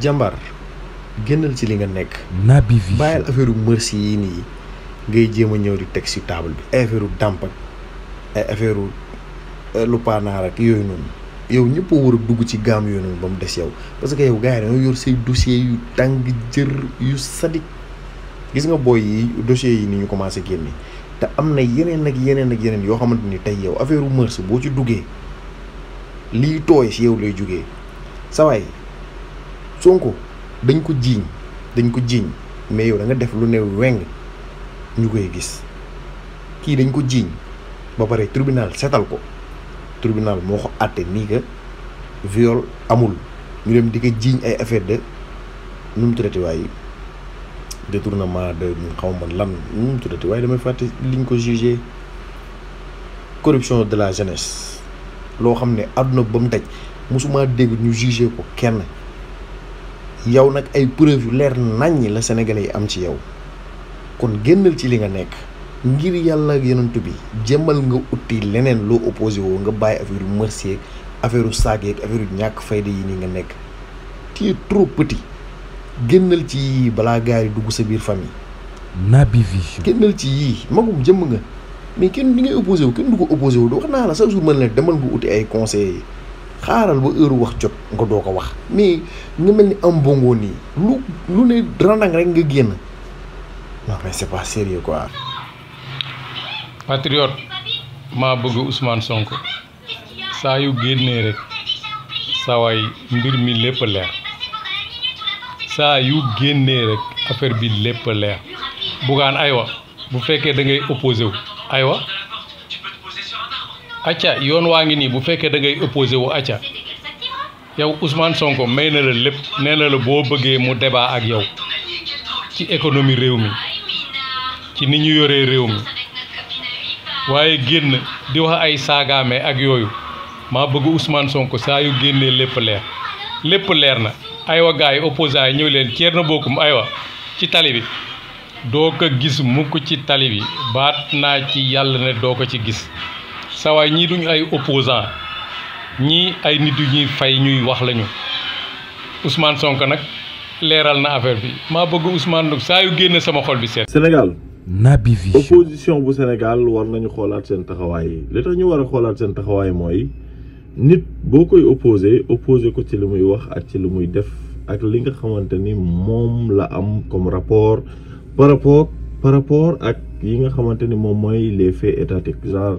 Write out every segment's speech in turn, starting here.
jàmbar génnal ci li nga nekk. Naby Vision bàyyil affaire merci yi nii ngay jéem a ñëw di teg ci table bi. ay affaire dàmp ak ay affaire lu paanaar ak yooyu noonu yow ñëpp war a dugg ci gaam yooyu noonu ba mu des yow parce que yow gars yi dañoo yor say dossiers yu tàng jër yu sadik gis nga booy yi dossiers yi ni ñu commencé génne te am na yeneen ak yeneen ak yeneen yoo xamante ni tey yow affaire merci boo ci duggee liy tooy ci yow lay jugee sa Sonko dañ ko jiiñ dañ ko jiiñ mais yow danga def lu ne weng ñu koy gis kii dañ ko jiiñ ba pare tribunal setal ko tribunal moo ko àtte nii que viol amul ñu dem di jiiñ ay affaire de nu mu tuddati waaye détournement de xaw ma lan nu mu tuddati waaye damay fàtte liñ ko jugé corruption de la jeunesse loo xam ne àdduna ba mu daj mosuma dégg ñu jugé ko kenn yow nag ay preuve yu leer naññ la sénégalais yi am ci yow kon génnal ci li nga nekk ngir yàlla ak yonent bi jëmal nga utti leneen loo opposé woo nga bàyyi affaire yu mercier affaire u saag yeeg ñàkk fayda yi nii nga nekk tu es trop petit génnal ci yii balaa gars yi dugg sa biir famille Naby Vision génnal ci yii magum jëmm nga mais kenn di ngay opposé wu kenn du ko opposé wu wax naa la chaque jour mën la demal nga uti ay conseillers yi xaaral ba heure wax jot nga do ko wax mais nga melni am bongo ni lu lu ne randang rek nga génn non mais c'est pas sérieux quoi patriote ma bëgg Ousmane Sonko sa yu génnee rek sa way mbir mi lepp leer sa yu génnee rek affaire bi lepp leer ay wa bu fekkee da ngay opposé wu wa acca yoon waa ngi nii bu fekkee dangay ngay opposé wu acca yow usmaan Sonko may na la lépp nee na la boo bëggee mu débat ak yow ci économie réew mi ci ni ñu yoree réew mi waaye génn di wax ay saagaame ak yooyu maa bëgg usmaan sonk saa yu génnee lépp leer lépp leer na aywa gars yi opposants yi ñëw leen Thierno Bocoum aywa ci tali bi doo ko gis mukk ci tali bi baat naa ci yàlla ne doo ko ci gis sawaay ñii duñu ay opposant ñii ay nit yu ñuy fay ñuy wax lañu Ousmane Sonko nag leeral na affaire bi maa bëgg Ousmane nag saa yu sama xol bi seet. Sénégal. Naby Vision opposition bu Sénégal war nañu xoolaat seen taxawaay yi li tax ñu war a xoolaat seen taxawaay mooy nit boo koy opposé opposé ko ci li muy wax ak ci lu muy def ak li nga xamante ni moom la am comme rapport par rapport par rapport ak yi nga xamante ni moom mooy les faits étatiques genre.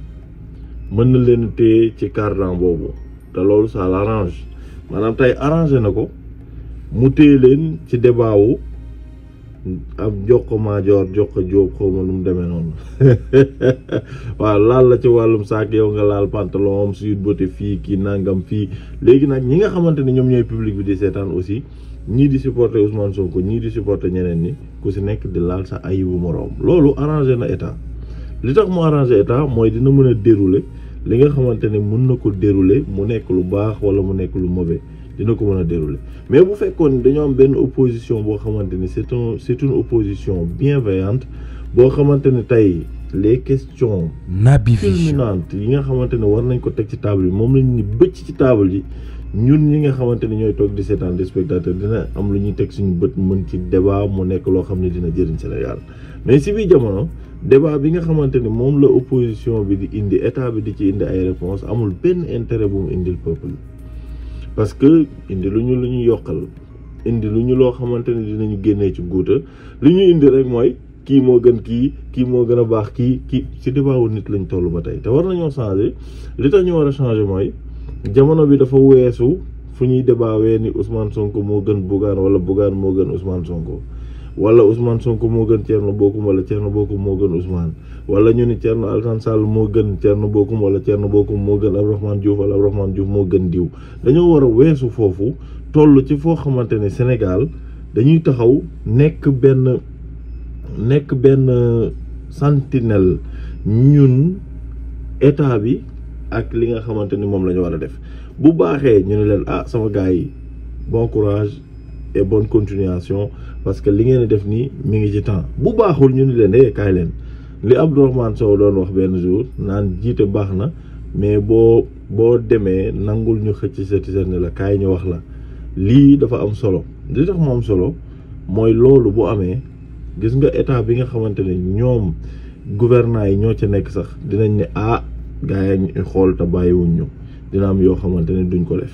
mën na leen téye ci cardan boobu te loolu ça arrange maanaam tey arrangé na ko mu téye leen ci débat wu ab jox ko maajoor jox ko jóob xaw ma nu mu demee noonu waaw laal la ci wàllum saak yow nga laal pantalon am sud bote fii kii nangam fii léegi nag ñi nga xamante ne ñoom ñooy public bi di seetaan aussi ñii di supporter Ousmane Sonko ñii di supporter ñeneen ñi ku si nekk di laal sax ayibu moroom loolu arrangé na état li tax mu arrangé état mooy dina mën a dérouler li nga xamante mën na ko dérouler mu nekk lu baax wala mu nekk lu mauvais dina ko mën a dérouler mais bu fekkoon dañoo am benn opposition boo xamante ni c'est un c'est une opposition bienveillante boo xamante ne tey les questions culminantes yi nga xamante ne war nañ ko teg ci table yi moom lañ ni bëcc ci table yi ñun ñi nga xamante ni ñooy toog di seetaan di spectateur dina am lu ñuy teg suñu bët mën ci débat mu nekk loo xam ne dina jëriñ Sénégal mais si biir jamono débat bi nga xamante ni moom la opposition bi di indi état bi di ci indi ay réponse amul benn intéret bu mu indil peuple parce que indi lu ñu lu ñu yokkal indi lu ñu loo xamante ni dinañu génnee ci guuta li ñu indi rek mooy kii moo gën kii kii moo gën a baax kii kii ci débat wu nit lañ toll ba tey te war nañoo changer li tax ñu war mooy jamono bi dafa weesu fu ñuy débaawee ni usmaan sonk moo gën Bougane wala Bougane moo gën usmaan Sonko wala Ousmane sonk moo gën Thierno Bocoum wala Thierno Bocoum moo gën Ousmane wala ñu ni Thierno Alassane moo gën Thierno Bocoum wala Thierno Bocoum moo gën Abdourahmane Diouf wala Abdourahmane Diouf moo gën diw dañoo war a weesu foofu toll ci foo xamante ne Sénégal dañuy taxaw nekk benn nekk benn sentinelle ñun état bi ak li nga xamante ni moom la ñu war a def bu baaxee ñu ne leen ah sama gars yi bon courage et bon continuation parce que li ngeen di def nii mi ngi ci temps bu baaxul ñu ne leen eh kaay leen li ab Abdourahmane Sow doon wax benn jour naan jiite baax na mais boo boo demee nangul ñu xëcc seti seen la kaay ñu wax la lii dafa am solo li tax mu am solo mooy loolu bu amee gis nga état bi nga xamante ne ñoom gouvernants yi ñoo ci nekk sax dinañ ne ah gaa yi ñu xool te bàyyiwuñ ñu dina am yoo xamante ne duñ ko def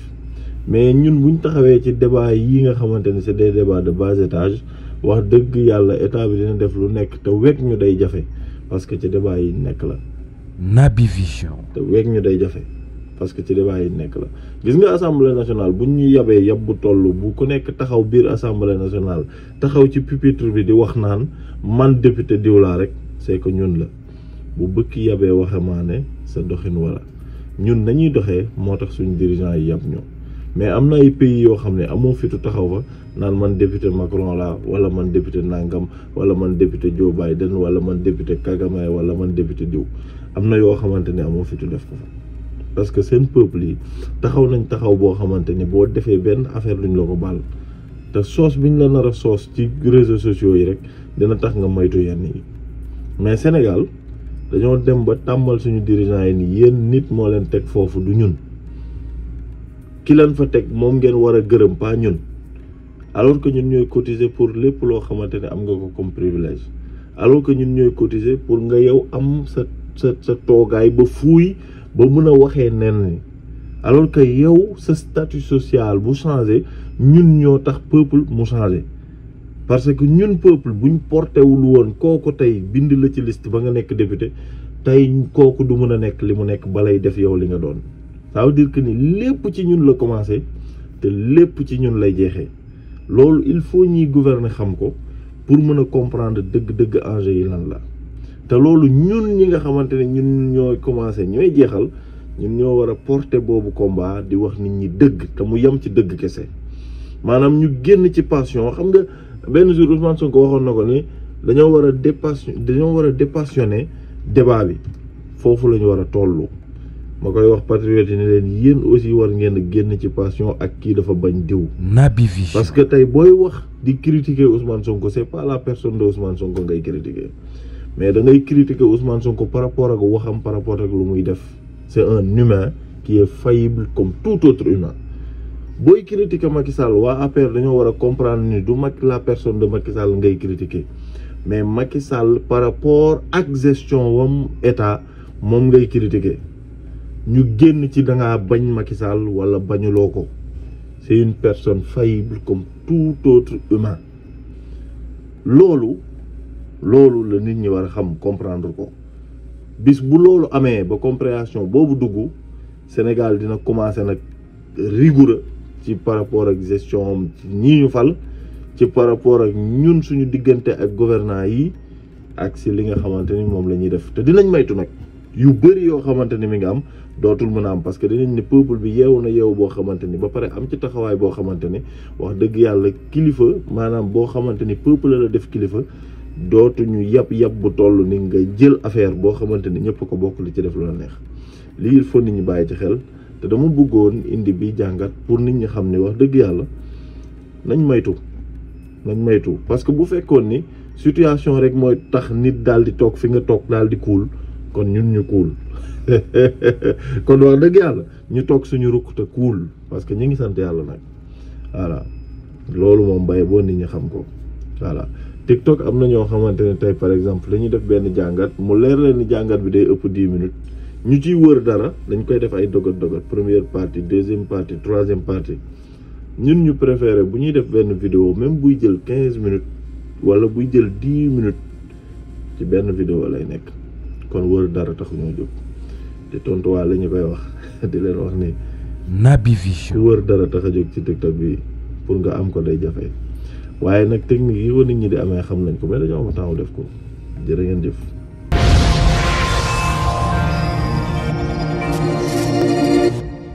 mais ñun buñ taxawee ci débat yi nga xamante ne c'est des débats de bas étage wax dëgg yàlla état bi dina def lu nekk te wekk ñu day jafe parce que ci débat yi nekk la. Naby Vision. te wekk ñu day jafe parce que ci débat yi nekk la gis nga assemblée nationale buñ ñu yabee yab bu toll bu ku nekk taxaw biir assemblée nationale taxaw ci pupitre bi di wax naan man député diw laa rek c'est que ñun la bu bëkk yabee waxamaane sa doxin wala ñun nañuy doxee moo tax suñu dirigeant yi yàpp ñoo mais am na ay pays yoo xam ne amoo fitu taxaw fa naan man député Macron la wala man député Nangam wala man député Joe Biden wala man député Kagame wala man député diw am na yoo xamante ne amoo fitu def ko fa parce que seen peuple yi taxaw nañ taxaw boo xamante ni boo defee benn affaire luñ la ko baal te soos bi ñu la nar a soos ci réseaux sociaux yi rek dina tax nga moytu yenn yi mais Sénégal dañoo dem ba tàmbal suñu dirigeant yi ni yéen nit moo leen teg foofu du ñun ki leen fa teg moom ngeen war a gërëm pas ñun alors que ñun ñooy cotiser pour lépp loo xamante ne am nga ko comme privilège alors que ñun ñooy cotiser pour nga yow am sa sa sa toogaay ba fuuy ba mun a waxee nen ni alors que yow sa statut sociale bu changé ñun ñoo tax peuple mu changé parce que ñun peuple buñ porté wul woon kooku tey bind la ci list ba nga nekk député tey kooku du mën a nekk li mu nekk balay def yow li nga doon ça veut que ni lépp ci ñun la commencé te lépp ci ñun lay jeexee loolu il faut ñuy gouverner xam ko pour mën a comprendre dëgg-dëgg enjeu yi lan la te loolu ñun ñi nga xamante ne ñun ñooy commencé ñooy jeexal ñun ñoo war a porter boobu combat di wax nit ñi dëgg te mu yem ci dëgg kese maanaam ñu génn ci passion xam nga. Ben, jour Ousmane Sonko waxon nako ni dañoo wara a dépassion dañoo war a débat bi fofu lañu wara tollu makoy wax patriote ni len yeen aussi war ngeen a ci passion ak ki dafa bañ diw. Naby parce que tay boy wax di critiquer Ousmane Sonko c'est pas la personne de Ousmane Sonko ngay critiquer mais da ngay critiquer Ousmane Sonko par rapport ak waxam par rapport ak lu muy def c'est un humain qui est faillible comme tout autre humain. booy critiquer Macky Sall waa APR dañoo war a comprendre ni du mag la personne de Macky Sall ngay critiquer mais Macky Sall par rapport ak gestion wam état moom ngay critiquer ñu génn ci da bañ Macky Sall wala bañuloo ko c'est une personne faillible comme tout autre humain loolu loolu la nit ñi war a xam comprendre ko bis bu loolu amee ba compréhension boobu dugg Sénégal dina commencer nag rigoureux ci par rapport ak gestion am ci ñii ñu fal ci par rapport ak ñun suñu diggante ak gouvernant yi ak si li nga xamante ni moom la ñuy def te dinañ maytu nag yu bëri yoo xamante ni mi nga am dootul mën a am parce que dinañ ni peuple bi yeewu na yeewu boo xamante ni ba pare am ci taxawaay boo xamante ni wax dëgg yàlla kilifa maanaam boo xamante ni peuple la def kilifa dootuñu yab yab bu toll ni nga jël affaire boo xamante ni ñëpp ko bokk li ci def la neex lii faut nit ñi bàyyi ci xel. te dama bëggoon indi bi jàngat pour nit ñi xam ne wax dëgg yàlla nañ maytu nañ maytu parce que bu fekkoon ni situation rek mooy tax nit daal di toog fi nga toog daal di kuul kon ñun ñu kuul kon wax dëgg yàlla ñu toog suñu rukk te kuul parce que ñu ngi sant yàlla nag voilà loolu moom bay boo nit ñi xam ko voilà TikTok am na ñoo xamante ne tey par exemple dañuy def benn jàngat mu leer leen ni jàngat bi day ëpp dix minutes ñu ciy wër dara dañ koy def ay dogat dogat première partie deuxième partie troisième partie ñun ñu préféré bu ñuy def benn vidéo même buy jël quinze minutes wala buy jël dix minutes ci benn vidéo lay nekk kon wër dara taxuñoo jóg te tontuwaa la ñu koy wax di leen wax ni Naby Vision wër dara tax a jóg ci TikTok bi pour nga am ko day jafe waaye nag technique yi ko nit ñi di amee xam nañ ko mais dañoo am temps def ko jërë ngeen jëf